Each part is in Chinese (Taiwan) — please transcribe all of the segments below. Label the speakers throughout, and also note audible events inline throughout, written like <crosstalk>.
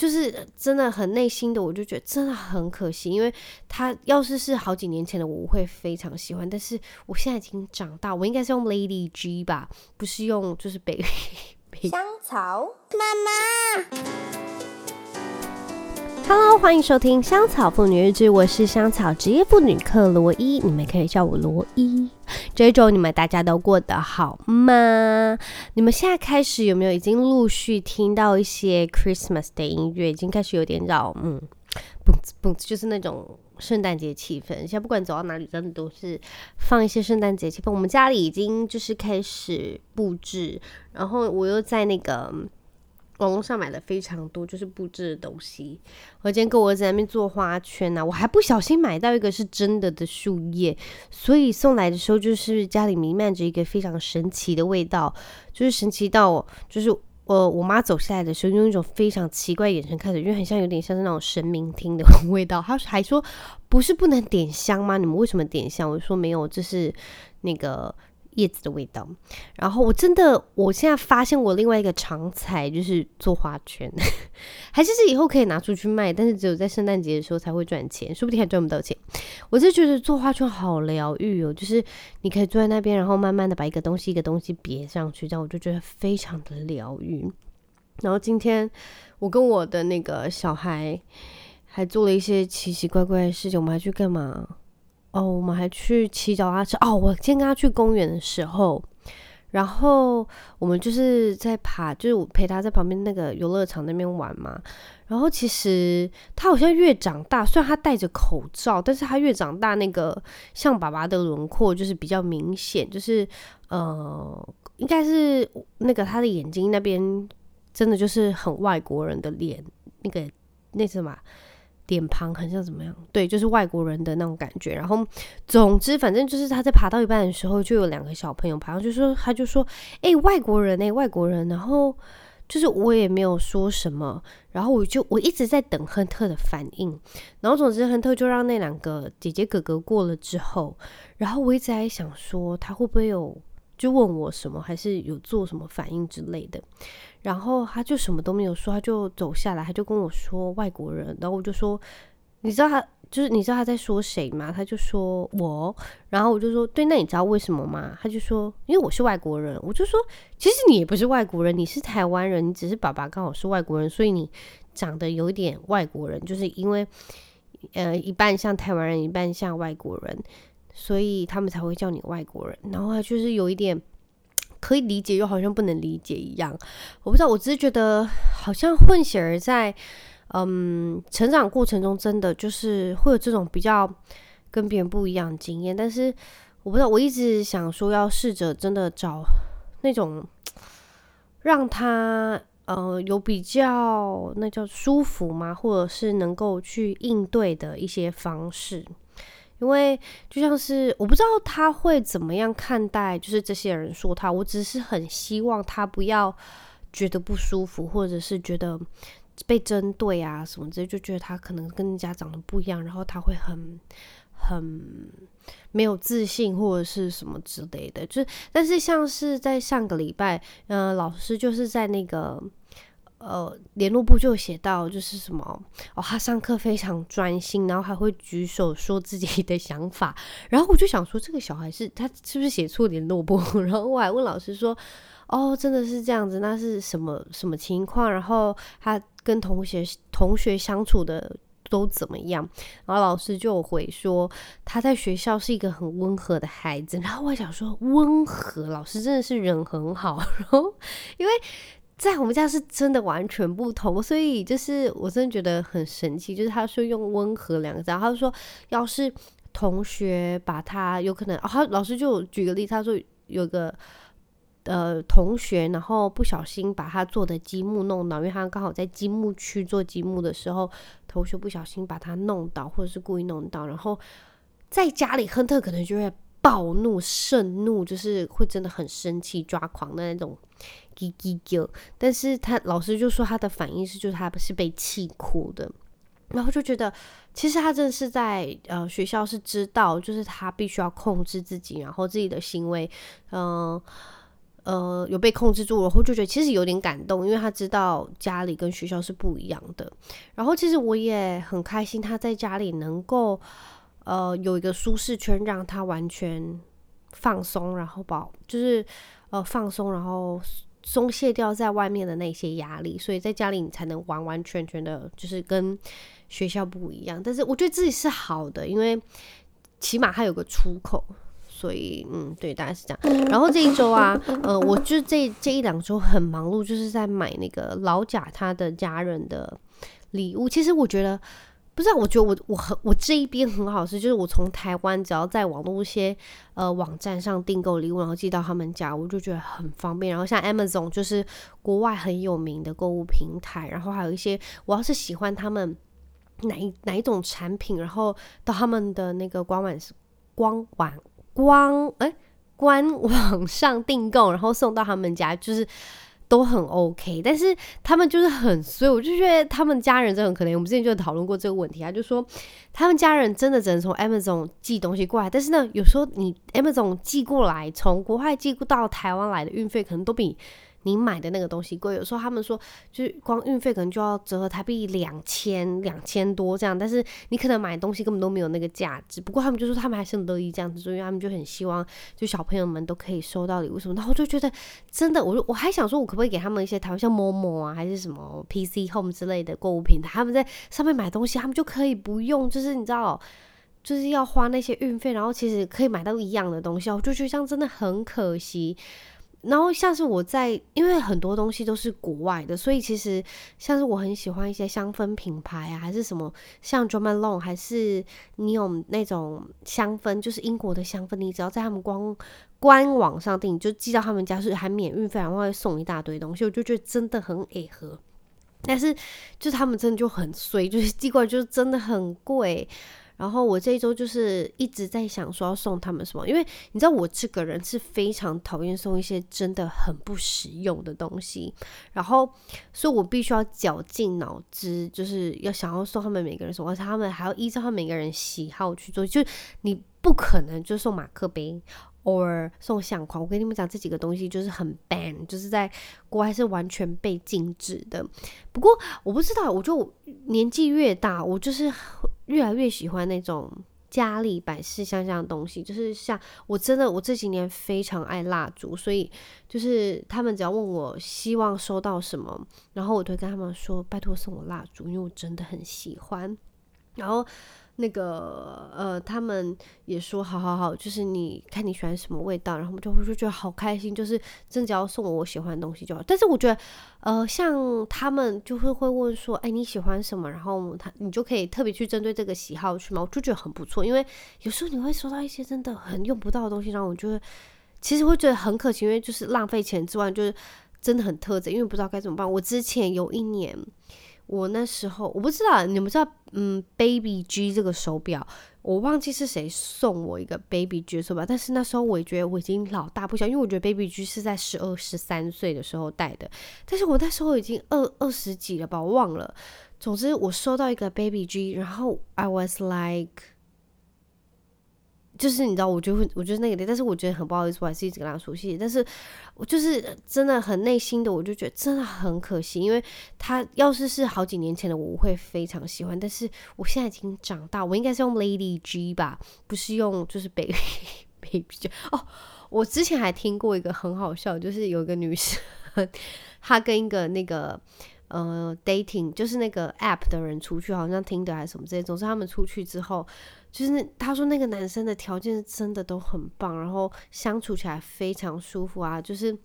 Speaker 1: 就是真的很內心的，我就覺得真的很可惜，因為他要是是好幾年前的，我會非常喜歡。但是我現在已經長大，我應該是用 Lady G 吧，不是用就是 Baby，香草媽媽。媽媽 Hello，歡迎收聽《香草婦女日誌》。我是香草職業婦女克羅伊，你們可以叫我羅伊。這一周你們大家都過得好嗎？你們現在開始有沒有已經陸續聽到一些 Christmas 的音樂？已經開始有點擾，嗯，boom boom，就是那種聖誕節氣氛。現在不管走到哪裡，真的都是放一些聖誕節氣氛。我們家裡已經就是開始布置，然後我又在那個。網絡上買了非常多，就是佈置的東西。我今天跟我兒子在那邊做花圈吶、啊，我還不小心買到一個是真的的樹葉，所以送來的時候，就是家裡瀰漫着一個非常神奇的味道，就是神奇到，就是、呃、我我媽走下來的時候用一種非常奇怪的眼神看着，因為很像有點像是那種神明廳的味道。她還說不是不能點香嗎？你們為什麼點香？我就說沒有，就是那個。葉子的味道，然後我真的，我現在發現我另外一個長才，就是做花圈， <laughs> 還是是以後可以拿出去賣，但是只有在聖誕節的時候才會賺錢，說不定還賺不到錢。我就覺得做花圈好療癒哦，就是你可以坐在那邊，然後慢慢的把一個東西一個東西別上去，這樣我就覺得非常的療癒。然後今天我跟我的那個小孩還做了一些奇奇怪怪的事情，我們還去幹嘛？哦，oh, 我們還去騎腳踏車哦。Oh, 我今天跟他去公園的時候，然後我們就是在爬，就是我陪他在旁邊那個遊樂場那邊玩嘛。然後其實他好像越長大，雖然他戴着口罩，但是他越長大，那個像爸爸的輪廓就是比較明顯，就是嗯、呃，應該是那個他的眼睛那邊真的就是很外國人的臉，那個那什麼。臉龐很像怎麼樣？對，就是外國人的那種感覺。然後，總之，反正就是他在爬到一半的時候，就有兩個小朋友爬，上去，說，他就說，哎、欸，外國人、欸，哎，外國人。然後就是我也沒有說什麼，然後我就我一直在等亨特的反應。然後總之，亨特就讓那兩個姐姐哥哥過了之後，然後我一直在想說，他會不會有。就問我什麼，還是有做什麼反應之類的，然後，他就什麼都沒有說，他就走下來，他就跟我說外國人，然後我就說，你知道他就是你知道他在說誰嗎？他就說我，然後我就說對，那你知道為什麼嗎？他就說因為我是外國人，我就說其實你也不是外國人，你是台灣人，你只是爸爸剛好是外國人，所以你長得有點外國人，就是因為呃一半像台灣人，一半像外國人。所以他們才會叫你外國人，然後他就是有一點可以理解又好像不能理解一樣，我不知道，我只是覺得好像混血兒在嗯成長過程中真的就是會有這種比較跟別人不一樣的經驗，但是我不知道，我一直想說要試着真的找那種讓他嗯、呃、有比較那叫舒服嗎？或者是能夠去應對的一些方式。因為就像是我不知道他會怎麼樣看待，就是這些人說他，我只是很希望他不要覺得不舒服，或者是覺得被針對啊什麼之類，就覺得他可能跟人家長得不一樣，然後他會很很沒有自信或者是什麼之類的。就是但是像是在上個禮拜，嗯，老師就是在那個。呃，聯絡簿就寫到就是什麼，哦，他上課非常專心，然後還會舉手說自己的想法，然後我就想說這個小孩是他是不是寫錯聯絡簿？ <laughs> 然後我還問老師說，哦，真的是這樣子，那是什麼什麼情況？然後他跟同學同學相處的都怎麼樣？然後老師就回說他在學校是一個很溫和的孩子，然後我想說溫和老師真的是人很好，然 <laughs> 後因為。在我們家是真的完全不同，所以就是我真的覺得很神奇。就是他說用溫和兩個字，然後他說要是同學把他有可能、哦，他老師就舉個例子，他說有個呃同學，然後不小心把他做的積木弄倒，因為他剛好在積木區做積木的時候，同學不小心把他弄倒，或者是故意弄倒，然後在家裡，亨特可能就會暴怒、盛怒，就是會真的很生氣、抓狂的那種。嘀嘀咕，但是他老師就說他的反應是，就是他不是被氣哭的，然後就覺得其實他真的是在呃學校是知道，就是他必須要控制自己，然後自己的行為、呃，嗯呃有被控制住了，然後就覺得其實有點感動，因為他知道家裡跟學校是不一樣的，然後其實我也很開心他在家裡能夠呃有一個舒適圈，讓他完全放鬆，然後保就是呃放鬆，然後。鬆懈掉在外面的那些壓力，所以在家裡你才能完完全全的，就是跟學校不一樣。但是我覺得自己是好的，因為起碼還有個出口，所以嗯，對，大概是這樣。然後這一周啊，呃，我就這這一兩周很忙碌，就是在買那個老賈他的家人的禮物。其實我覺得。不是啊，我覺得我我很我這一邊很好吃，就是我從台灣只要在網絡一些呃網站上訂購禮物，然後寄到他們家，我就覺得很方便。然後像 Amazon 就是國外很有名的購物平台，然後還有一些我要是喜歡他們哪哪一種產品，然後到他們的那個官網是官網官誒、欸、官網上訂購，然後送到他們家就是。都很 OK，但是他們就是很，所以我就覺得他們家人真的很可憐。我們之前就討論過這個問題啊，就說他們家人真的只能從 Amazon 寄東西過來，但是呢，有時候你 Amazon 寄過來，從國外寄到台灣來的運費可能都比。你買的那個東西貴，有時候他們說，就是光運費可能就要折合台幣兩千、兩千多這樣，但是你可能買東西根本都沒有那個價值。不過他們就說他們還是很樂意這樣子，所以他們就很希望就小朋友們都可以收到禮物什麼的。然後我就覺得真的，我我還想說，我可不可以給他們一些台，台灣像 Momo 啊，還是什麼 PC Home 之類的購物平台，他們在上面買東西，他們就可以不用，就是你知道，就是要花那些運費，然後其實可以買到一樣的東西，我就覺得這樣真的很可惜。然後像是我在，因為很多東西都是國外的，所以其實像是我很喜歡一些香氛品牌啊，還是什麼像 Jo Malone，還是你有那種香氛，就是英國的香氛，你只要在他們官官網上訂，就寄到他們家是還免運費，然後會送一大堆東西，我就覺得真的很欸呵，但是就他們真的就很衰，就是寄過來就是真的很貴。然後我這一周就是一直在想說要送他們什麼，因為你知道我這個人是非常討厭送一些真的很不實用的東西，然後所以我必須要絞盡腦汁，就是要想要送他們每個人什麼，而且他們還要依照他們每個人喜好去做，就你不可能就送馬克杯。或者送相框，我跟你們講這幾個東西就是很 ban，就是在國外是完全被禁止的。不過我不知道，我就年紀越大，我就是越來越喜歡那種家裡擺飾、香香的東西。就是像我真的，我這幾年非常愛蠟燭，所以就是他們只要問我希望收到什麼，然後我就跟他們說：“拜託送我蠟燭，因為我真的很喜歡。”然後。那個呃，他們也說好好好，就是你看你喜歡什麼味道，然後我們就就覺得好開心，就是真只要送我，我喜歡的東西就好。但是我覺得，呃，像他們就是會問說，哎，你喜歡什麼？然後他你就可以特別去針對這個喜好，去嘛，我就覺得很不錯。因為有時候你會收到一些真的很用不到的東西，然後我覺得其實會覺得很可惜，因為就是浪費錢之外，就是真的很特別，因為不知道該怎麼辦。我之前有一年。我那時候我不知道，你們知道，嗯，Baby G 這個手錶，我忘記是誰送我一個 Baby G 手錶，但是那時候我也覺得我已經老大不小，因為我覺得 Baby G 是在十二、十三歲的時候戴的，但是我那時候已經二二十幾了吧，我忘了。總之，我收到一個 Baby G，然後 I was like。就是你知道我，我就會，我就覺得那個點，但是我覺得很不好意思，我還是一直跟他熟悉。但是我就是真的很內心的，我就覺得真的很可惜，因為他要是是好幾年前的，我會非常喜歡。但是我現在已經長大，我應該是用 Lady G 吧，不是用就是 Baby Baby G。哦，我之前還聽過一個很好笑，就是有一個女生，她跟一個那個呃 dating 就是那個 app 的人出去，好像 Tinder 還是什麼之類，總之他們出去之後。就是那他說那個男生的條件真的都很棒，然後相處起來非常舒服啊，就是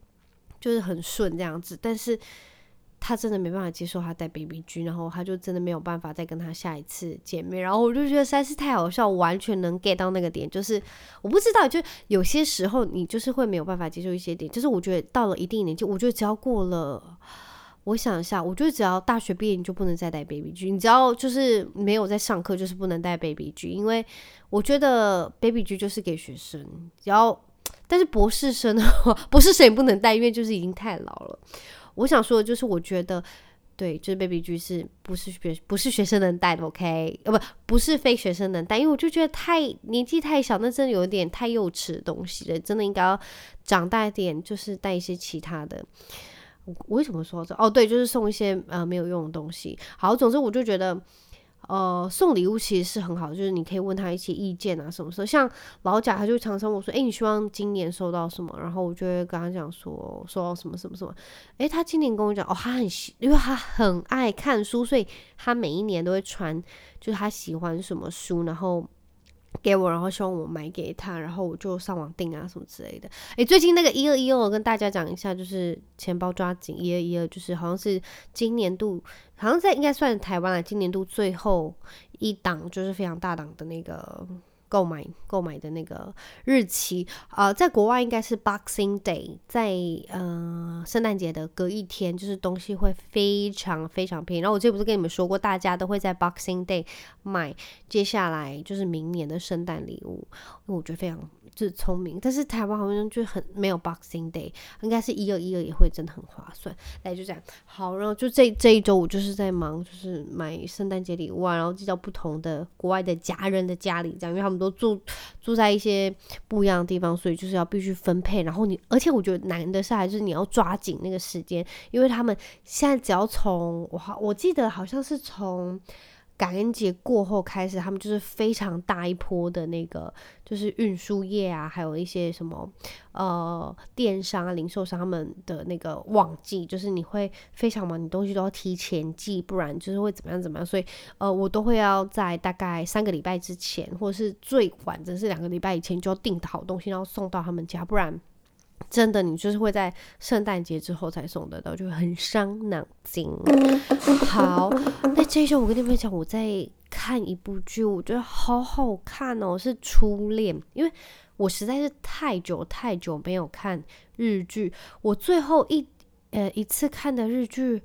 Speaker 1: 就是很順這樣子。但是他真的沒辦法接受他戴 baby G，然後他就真的沒有辦法再跟他下一次見面。然後我就覺得實在是太好笑，完全能 get 到那個點。就是我不知道，就有些時候你就是會沒有辦法接受一些點。就是我覺得到了一定年紀，我覺得只要過了。我想一下，我覺得只要大學畢業你就不能再戴 baby G，你只要就是沒有在上課，就是不能戴 baby G。因為我覺得 baby G 就是給學生。只要但是博士生的話，博士生也不能戴，因為就是已經太老了。我想說的就是，我覺得對，就是 baby G 是不是學不是學生能帶的？OK，呃、啊，不，不是非學生能帶，因為我就覺得太年紀太小，那真的有點太幼稚的東西了，真的應該要長大一點，就是帶一些其他的。我為什麼說這？哦，對，就是送一些呃沒有用的東西。好，總之我就覺得，呃，送禮物其實是很好，就是你可以問他一些意見啊，什麼什麼。像老賈，他就常常問我說，誒、欸，你希望今年收到什麼？然後我就會跟他講說，收到什麼什麼什麼。誒、欸，他今年跟我講，哦，他很，喜，因為他很愛看書，所以他每一年都會傳，就是他喜歡什麼書，然後。給我，然後希望我買給他，然後我就上網訂啊什麼之類的。哎，最近那個一二一二，我跟大家講一下，就是錢包抓緊一二一二，12 12就是好像是今年度，好像在應該算是台灣啊，今年度最後一檔，就是非常大檔的那個。購買購買的那個日期，呃，在國外應該是 Boxing Day，在呃聖誕節的隔一天，就是東西會非常非常便宜。然後我這不是跟你們說過，大家都會在 Boxing Day 買，接下來就是明年的聖誕禮物。因為我覺得非常。就是聰明，但是台灣好像就很沒有 Boxing Day，應該是一二一二也會真的很划算。來就這樣，好，然後就這這一周我就是在忙，就是買聖誕節禮物啊，然後寄到不同的國外的家人的家裡，這樣，因為他們都住住在一些不一樣的地方，所以就是要必須分配。然後你，而且我覺得難的是還是你要抓緊那個時間，因為他們現在只要從我好，我記得好像是從。感恩節過後開始，他們就是非常大一波的那個，就是運輸業啊，還有一些什麼呃電商啊、零售商他們的那個旺季，就是你會非常忙，你東西都要提前寄，不然就是會怎麼樣怎麼樣。所以呃，我都會要在大概三個禮拜之前，或者是最晚，只是兩個禮拜以前就要訂好東西，然後送到他們家，不然。真的，你就是會在聖誕節之後才送得到，就會很傷腦筋。好，那這一周我跟你們講，我在看一部劇，我覺得好好看哦，是初戀，因為我實在是太久太久沒有看日劇，我最後一呃一次看的日劇。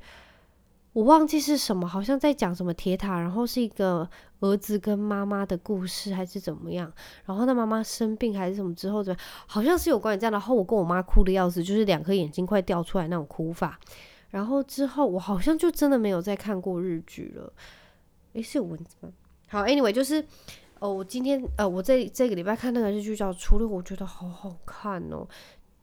Speaker 1: 我忘記是什麼，好像在講什麼鐵塔，然後是一個兒子跟媽媽的故事，還是怎麼樣？然後他媽媽生病還是什麼之後，怎麼樣，好像是有關於這樣。然後我跟我媽哭的要死，就是兩顆眼睛快掉出來那種哭法。然後之後我好像就真的沒有再看過日劇了。誒，是有文字嗎？好，Anyway，就是哦，我今天呃，我這這個禮拜看那個日劇叫《初戀》，我覺得好好看哦，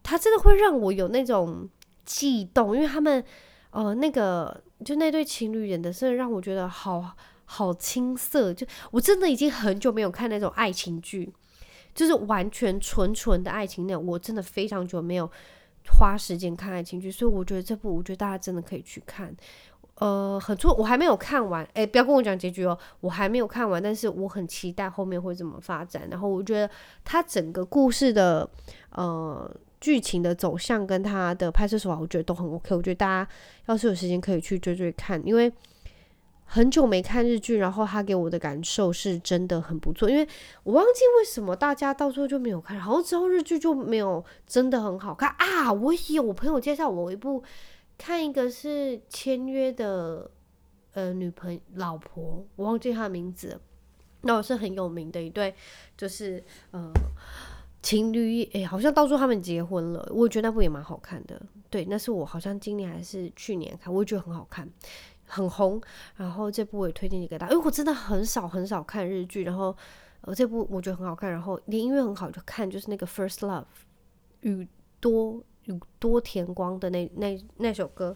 Speaker 1: 它真的會讓我有那種悸動，因為他們。哦、呃，那個就那對情侶演的，是讓我覺得好好青澀。就我真的已經很久沒有看那種愛情劇，就是完全純純的愛情那種，我真的非常久沒有花時間看愛情劇，所以我覺得這部，我覺得大家真的可以去看。呃，很錯，我還沒有看完。哎，不要跟我講結局哦，我還沒有看完，但是我很期待後面會怎麼發展。然後我覺得它整個故事的，呃。劇情的走向跟他的拍攝手法，我覺得都很 OK。我覺得大家要是有時間可以去追追看，因為很久沒看日劇，然後他給我的感受是真的很不錯。因為我忘記為什麼大家到時候就沒有看，然後之後日劇就沒有真的很好看啊！我有朋友介紹我一部，看一個是簽約的呃，女朋友老婆，我忘記她的名字，那、哦、我是很有名的一對，就是呃。情侶誒、欸，好像到時候他們結婚了，我也覺得那部也蠻好看的。對，那是我好像今年還是去年看，我也覺得很好看，很紅。然後這部我也推薦你給大家，因、欸、為我真的很少很少看日劇，然後、呃、這部我覺得很好看，然後連音樂很好，就看就是那個《First Love》，宇多宇多田光的那那那首歌，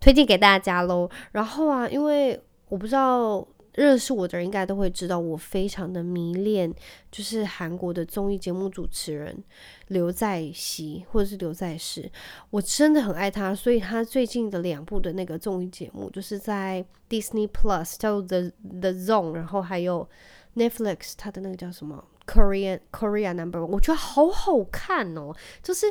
Speaker 1: 推薦給大家嘍。然後啊，因為我不知道。認識我的人應該都會知道，我非常的迷戀，就是韓國的綜藝節目主持人劉在錫，或者是劉在世。我真的很愛他，所以他最近的兩部的那個綜藝節目，就是在 Disney Plus 叫 The The Zone，然後還有 Netflix 他的那個叫什麼 Korea Korea Number，我覺得好好看哦。就是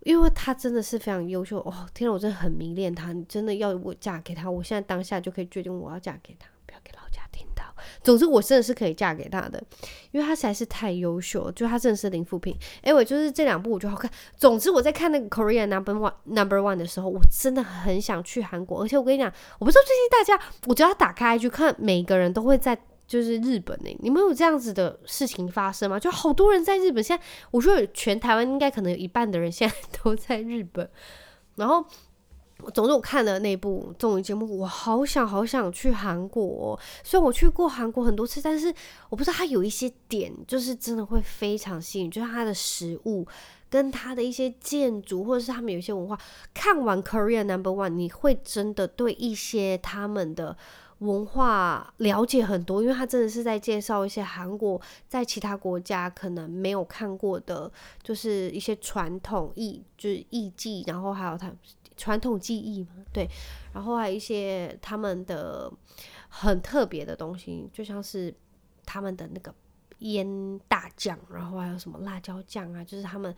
Speaker 1: 因為他真的是非常優秀哦，天哪，我真的很迷戀他。你真的要我嫁給他？我現在當下就可以決定我要嫁給他。給老家聽到，總之我真的是可以嫁給他的，因為他實在是太優秀，就他真的是林富平。哎、欸，我就是這兩部我覺得好看。總之我在看那個《Korea Number、no. One》《Number、no. One》的時候，我真的很想去韓國。而且我跟你講，我不知道最近大家，我只要打開去看，每一個人都會在就是日本呢。你們有這樣子的事情發生嗎？就好多人在日本。現在我說全台灣應該可能有一半的人現在都在日本，然後。總之，我看了那部綜藝節目，我好想好想去韓國。雖然我去過韓國很多次，但是我不知道它有一些點，就是真的會非常吸引。就是它的食物，跟它的一些建築，或者是他們有一些文化。看完《Korea Number One》，你會真的對一些他們的文化了解很多，因為他真的是在介紹一些韓國在其他國家可能沒有看過的，就是一些傳統藝，就是藝伎，然後還有他。傳統技藝嘛，對，然後還有一些他們的很特別的東西，就像是他們的那個醃大醬，然後還有什麼辣椒醬啊，就是他們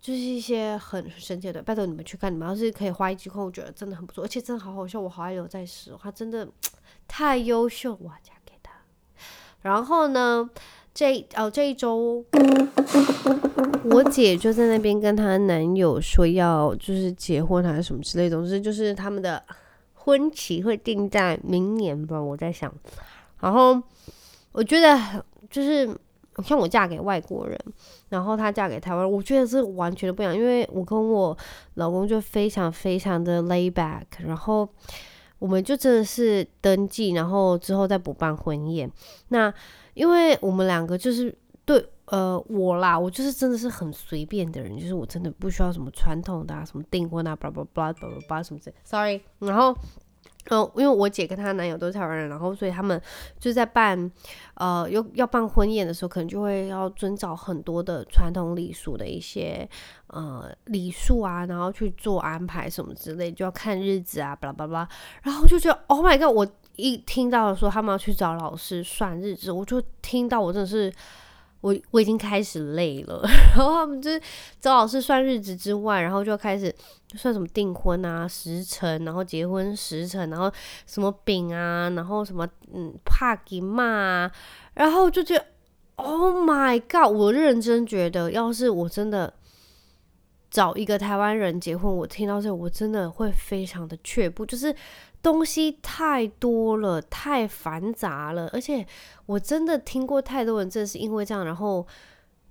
Speaker 1: 就是一些很神奇的。拜托你們去看，你們要是可以花一集看，我覺得真的很不錯，而且真的好好笑，我好愛劉在石，他真的太優秀，我要嫁給他。然後呢？這哦，這一周，我姐就在那邊跟她男友說要就是結婚還是什麼之類的，總之就是他們的婚期會定在明年吧。我在想，然後我覺得就是像我嫁給外國人，然後她嫁給台灣，我覺得是完全不一樣，因為我跟我老公就非常非常的 lay back，然後我們就真的是登記，然後之後再補辦婚宴。那因為我們兩個就是對，呃，我啦，我就是真的是很隨便的人，就是我真的不需要什麼傳統的啊，什麼訂婚啊，巴拉巴拉巴拉巴拉什麼之類的。Sorry，然後，呃，因為我姐跟她男友都是台灣人，然後所以他們就在辦，呃，又要辦婚宴的時候，可能就會要遵照很多的傳統禮俗的一些，呃，禮數啊，然後去做安排什麼之類，就要看日子啊，巴拉巴拉，然後就覺得，Oh my God，我。一聽到說他們要去找老師算日子，我就聽到我真的是我我已經開始累了。然後他們就是找老師算日子之外，然後就開始算什麼訂婚啊時辰，然後結婚時辰，然後什麼餅啊，然後什麼嗯怕給罵，然後就覺得 Oh my God！我認真覺得，要是我真的找一個台灣人結婚，我聽到這我真的會非常的卻步，就是。東西太多了，太繁雜了，而且我真的聽過太多人，正是因為這樣，然後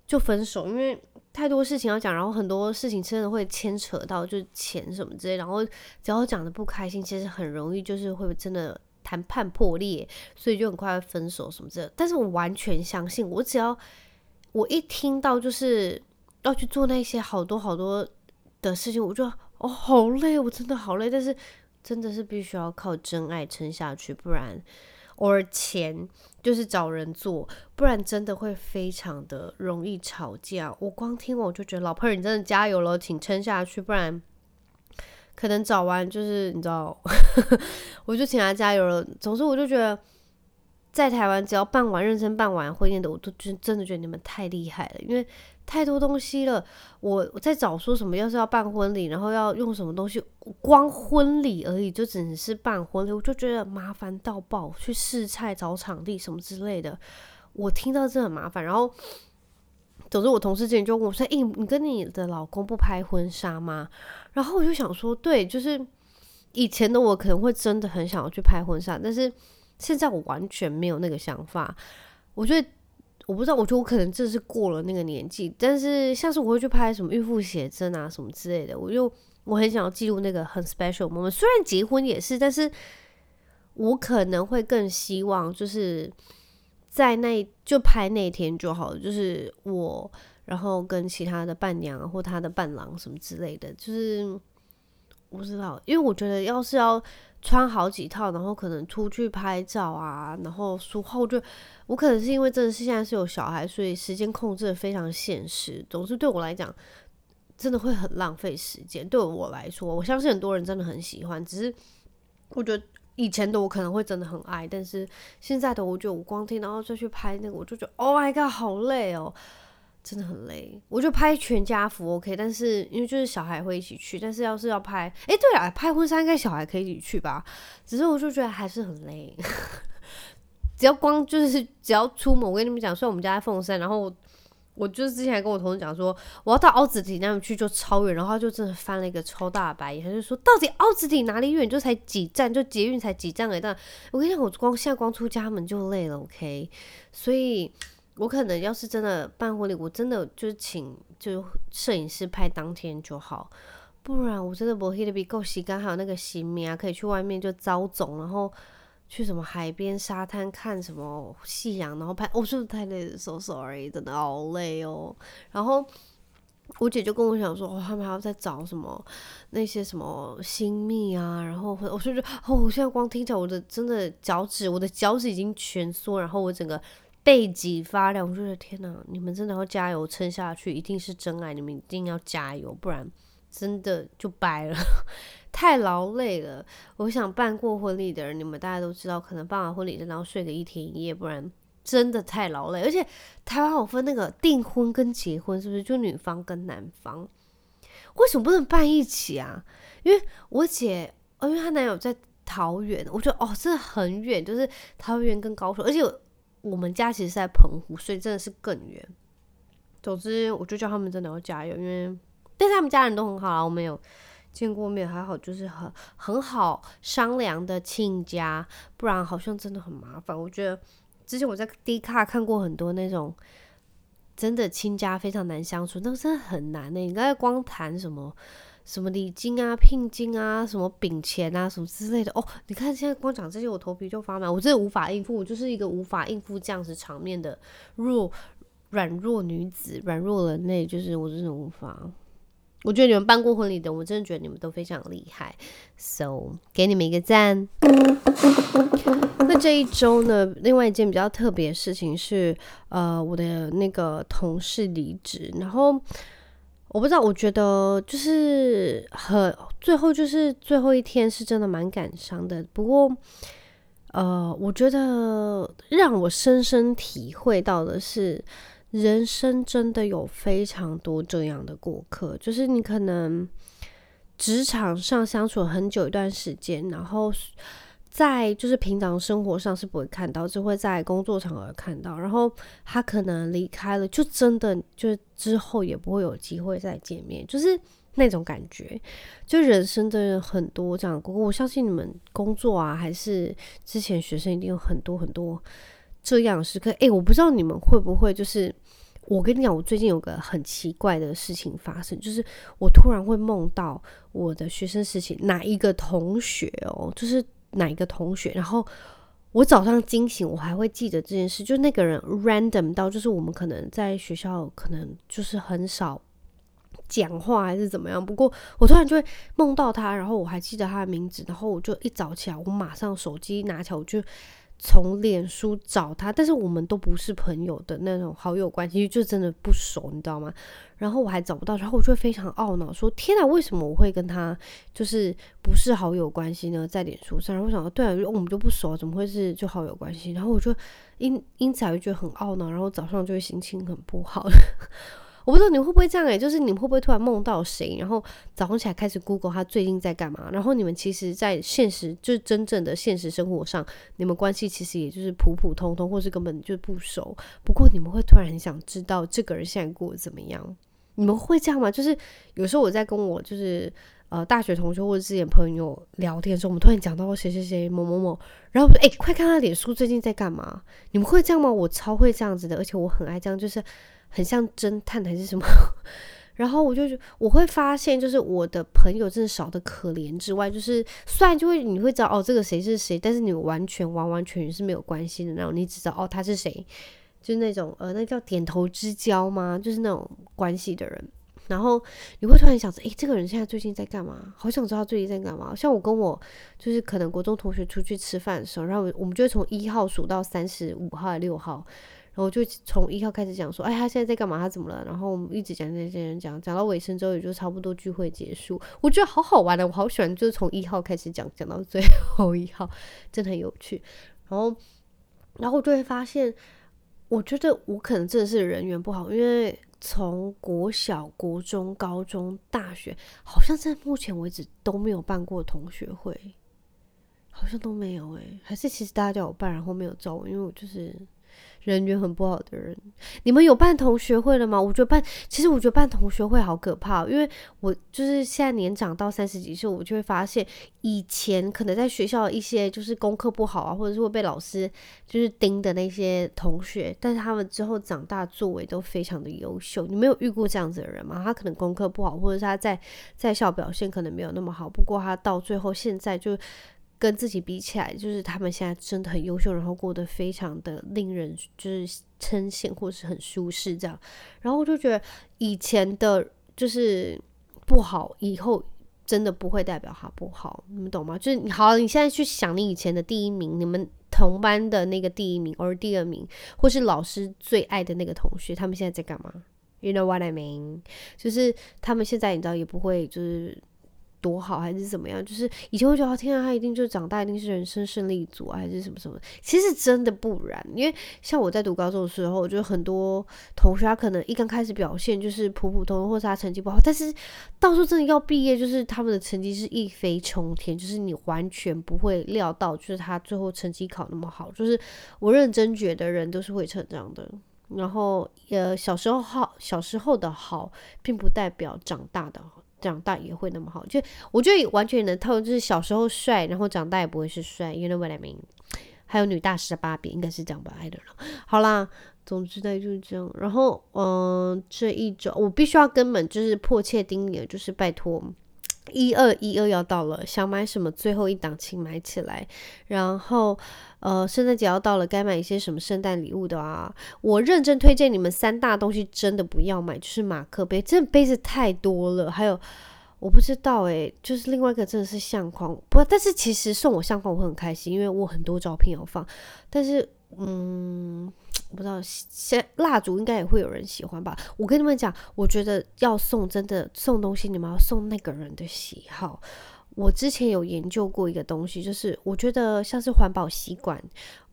Speaker 1: 就分手，因為太多事情要講，然後很多事情真的會牽扯到就是錢什麼之類，然後只要講的不開心，其實很容易就是會真的談判破裂，所以就很快分手什麼之類。但是我完全相信，我只要我一聽到就是要去做那些好多好多的事情，我就哦好累，我真的好累，但是。真的是必須要靠真愛撐下去，不然偶爾錢就是找人做，不然真的會非常的容易吵架。我光聽我就覺得老朋友，你真的加油了，請撐下去，不然可能早晚就是你知道， <laughs> 我就請他加油了。總之我就覺得，在台灣只要辦完、認真辦完婚宴的，我都覺真的覺得你們太厲害了，因為。太多東西了，我在找說什麼，要是要辦婚禮，然後要用什麼東西，光婚禮而已就只能是辦婚禮，我就覺得麻煩到爆。去試菜、找場地什麼之類的，我聽到這很麻煩。然後，總之我同事之前就問我說：“誒、欸，你跟你的老公不拍婚紗嗎？”然後我就想說：“對，就是以前的我可能會真的很想要去拍婚紗，但是現在我完全沒有那個想法。我覺得。”我不知道，我覺得我可能這是過了那個年紀，但是下次我會去拍什麼孕婦寫真啊什麼之類的，我就我很想要記錄那個很 special moment。雖然結婚也是，但是我可能會更希望就是在那就拍那天就好了，就是我然後跟其他的伴娘或他的伴郎什麼之類的，就是我不知道，因為我覺得要是要。穿好幾套，然後可能出去拍照啊，然後梳後就，我可能是因為真的是現在是有小孩，所以時間控制得非常現實，總之對我來講，真的會很浪費時間。對我來說，我相信很多人真的很喜歡，只是我覺得以前的我可能會真的很愛，但是現在的我覺得我光聽，然後再去拍那個，我就覺得 Oh my god，好累哦。真的很累，我就拍全家福 OK，但是因為就是小孩會一起去，但是要是要拍，哎、欸，對了，拍婚紗應該小孩可以一起去吧？只是我就覺得還是很累，呵呵只要光就是只要出門，我跟你們講，雖然我們家在鳳山，然後我,我就是之前還跟我同事講說，我要到凹子底那邊去就超遠，然後他就真的翻了一個超大的白眼，他就說到底凹子底哪裡遠，就才幾站，就捷運才幾站哎，但我跟你講，我光現在光出家門就累了 OK，所以。我可能要是真的辦婚禮，我真的就請就攝影師拍當天就好，不然我真的我體力不夠洗干，還有那個新祕啊，可以去外面就招腫，然後去什麼海邊沙灘看什麼夕陽，然後拍，哦、我說的太累 so sorry，真的好累哦。然後我姐就跟我講說、哦，他們還要再找什麼那些什麼新祕啊，然後、哦、我我就哦，我現在光聽起來，我的真的腳趾，我的腳趾已經蜷縮，然後我整個。背脊發涼，我覺得天哪！你們真的要加油撐下去，一定是真愛，你們一定要加油，不然真的就掰了。太勞累了，我想辦過婚禮的人，你們大家都知道，可能辦完婚禮真的要睡個一天一夜，不然真的太勞累。而且台灣，我分那個訂婚跟結婚，是不是就女方跟男方，為什麼不能辦一起啊？因為我姐，哦，因為她男友在桃園，我覺得哦，真的很遠，就是桃園跟高雄，而且。我們家其實是在澎湖，所以真的是更遠。總之，我就叫他們真的要加油，因為但是他們家人都很好啊，我們有見過面，還好就是很很好商量的親家，不然好像真的很麻煩。我覺得之前我在 Dcard 看過很多那種真的親家非常難相處，那真的很難的、欸。你剛才光談什麼？什麼禮金啊、聘金啊、什麼餅錢啊、什麼之類的哦！你看現在光講這些，我頭皮就發麻，我真的無法應付，我就是一個無法應付這樣子場面的弱軟弱女子、軟弱人類，就是我真是無法。我覺得你們辦過婚禮的，我真的覺得你們都非常厲害，so 給你們一個讚。 <laughs> <laughs> 那這一周呢，另外一件比較特別的事情是，呃，我的那個同事離職，然後。我不知道，我覺得就是很最後，就是最後一天，是真的蠻感傷的。不過，呃，我覺得讓我深深體會到的是，人生真的有非常多這樣的過客，就是你可能職場上相處很久一段時間，然後。在就是平常生活上是不會看到，只會在工作場合看到。然後他可能離開了，就真的就之後也不會有機會再見面，就是那種感覺。就人生真的很多這樣，不過我相信你們工作啊，還是之前學生，一定有很多很多這樣的時刻。誒、欸，我不知道你們會不會，就是我跟你講，我最近有個很奇怪的事情發生，就是我突然會夢到我的學生時期，哪一個同學哦、喔，就是。哪一個同學？然後我早上驚醒，我還會記得這件事。就是那個人 random 到，就是我們可能在學校，可能就是很少講話還是怎麼樣。不過我突然就會夢到他，然後我還記得他的名字，然後我就一早起來，我馬上手機拿起來，我就。從臉書找他，但是我們都不是朋友的那種好友關係，就真的不熟，你知道嗎？然後我還找不到，然後我就會非常懊惱說，說天啊，為什麼我會跟他就是不是好友關係呢？在臉書上，然後我想，對啊，哦，我們就不熟，啊，怎麼會是就好友關係？然後我就因因此我就覺得很懊惱，然後早上就會心情很不好。呵呵我不知道你們會不會這樣欸，就是你們會不會突然夢到誰，然後早上起來開始 Google 他最近在幹嘛？然後你們其實在現實，就是真正的現實生活上，你們關係其實也就是普普通通，或是根本就不熟。不過你們會突然很想知道這個人現在過得怎麼樣？你們會這樣嗎？就是有時候我在跟我就是呃大學同學或者自己的朋友聊天的時候，我們突然講到誰誰誰某某某，然後欸，快看他臉書最近在幹嘛？你們會這樣嗎？我超會這樣子的，而且我很愛這樣，就是。很像偵探還是什麼？ <laughs> 然後我就我會發現，就是我的朋友真的少的可憐。之外，就是雖然就會你會知道哦，這個誰是誰，但是你完全完完全全是沒有關係的。然後你只知道哦，他是誰，就是那種呃，那叫點頭之交嗎？就是那種關係的人。然後你會突然想着，誒、欸，這個人現在最近在幹嘛？好想知道最近在幹嘛。像我跟我就是可能國中同學出去吃飯的時候，然後我們就會從一號數到三十五號六號。然後我就從一號開始講，說：“哎，他現在在幹嘛？他怎麼了？”然後我們一直講，講講講講，講到尾聲之後，也就差不多聚會結束。我覺得好好玩的，我好喜歡，就是從一號開始講，講到最後一號，真的很有趣。然後，然後我就會發現，我覺得我可能真的是人緣不好，因為從國小、國中、高中、大學，好像在目前為止都沒有辦過同學會，好像都沒有哎，還是其實大家叫我辦，然後沒有招我，因為我就是。人緣很不好的人，你們有辦同學會了嗎？我覺得辦，其實我覺得辦同學會好可怕，因為我就是現在年長到三十幾歲，我就會發現以前可能在學校一些就是功課不好啊，或者是會被老師就是盯的那些同學，但是他們之後長大作為都非常的優秀。你沒有遇過這樣子的人嗎？他可能功課不好，或者是他在在校表現可能沒有那麼好，不過他到最後現在就。跟自己比起來，就是他們現在真的很優秀，然後過得非常的令人就是稱羨，或是很舒適這樣。然後我就覺得以前的就是不好，以後真的不會代表他不好，你們懂嗎？就是你好，你現在去想你以前的第一名，你們同班的那個第一名，而第二名，或是老師最愛的那個同學，他們現在在幹嘛？You know what I mean？就是他們現在你知道也不會就是。多好還是怎麼樣？就是以前我覺得，天啊，他一定就長大一定是人生勝利組啊，還是什麼什麼？其實真的不然，因為像我在讀高中的時候，我覺得很多同學他可能一剛開始表現就是普普通通，或是他成績不好，但是到時候真的要畢業，就是他們的成績是一飛衝天，就是你完全不會料到，就是他最後成績考那麼好。就是我認真覺得人都是會成長的。然後，呃，小時候好，小時候的好，並不代表長大的好。長大也會那麼好，就我覺得完全能透，就是小時候帥，然後長大也不會是帥，因為 You know what I mean? 還有女大十八變，應該是這樣來的了。好啦，總之呢就是這樣。然後，嗯、呃，這一周我必須要根本就是迫切叮嚀，就是拜託，一二一二要到了，想買什麼，最後一檔請買起來。然後。呃，聖誕節要到了，該買一些什麼聖誕禮物的啊？我認真推薦你們三大東西，真的不要買，就是馬克杯，真的杯子太多了。還有，我不知道誒，就是另外一個真的是相框，不，但是其實送我相框我會很開心，因為我很多照片要放。但是，嗯，我不知道，蠟燭應該也會有人喜歡吧？我跟你們講，我覺得要送真的送東西，你們要送那個人的喜好。我之前有研究過一個東西，就是我覺得像是環保吸管、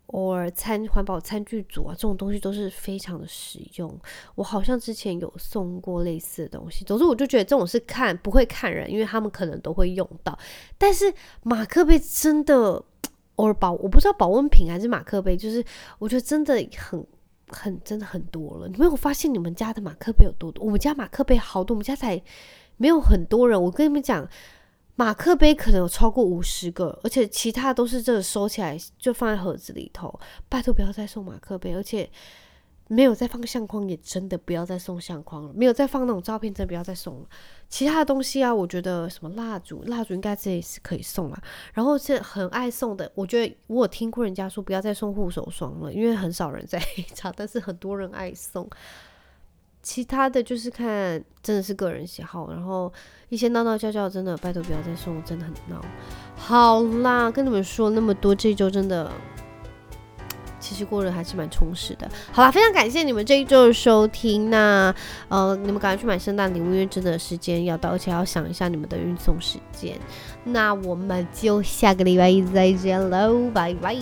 Speaker 1: or 餐環保餐具組啊，這種東西都是非常的實用。我好像之前有送過類似的東西，總之我就覺得這種是看不會看人，因為他們可能都會用到。但是馬克杯真的 or 保，我不知道保溫瓶還是馬克杯，就是我覺得真的很很真的很多了。你沒有發現你們家的馬克杯有多多？我們家馬克杯好多，我們家才沒有很多人。我跟你們講。馬克杯可能有超過五十個，而且其他都是這個收起來就放在盒子裡頭。拜託不要再送馬克杯，而且沒有再放相框，也真的不要再送相框了。沒有再放那種照片，真的不要再送了。其他的東西啊，我覺得什麼蠟燭，蠟燭應該這也是可以送啊。然後是很愛送的，我覺得我有聽過人家說不要再送護手霜了，因為很少人在黑茶，但是很多人愛送。其他的就是看，真的是個人喜好。然後一些鬧鬧叫叫，真的拜託不要再送，真的很鬧。好啦，跟你們說那麼多，這周真的其實過得還是蠻充實的。好啦，非常感謝你們這一周的收聽。那呃，你們趕快去買聖誕禮物，因為真的時間要到，而且要想一下你們的運送時間。那我們就下個禮拜一再見嘍，拜拜。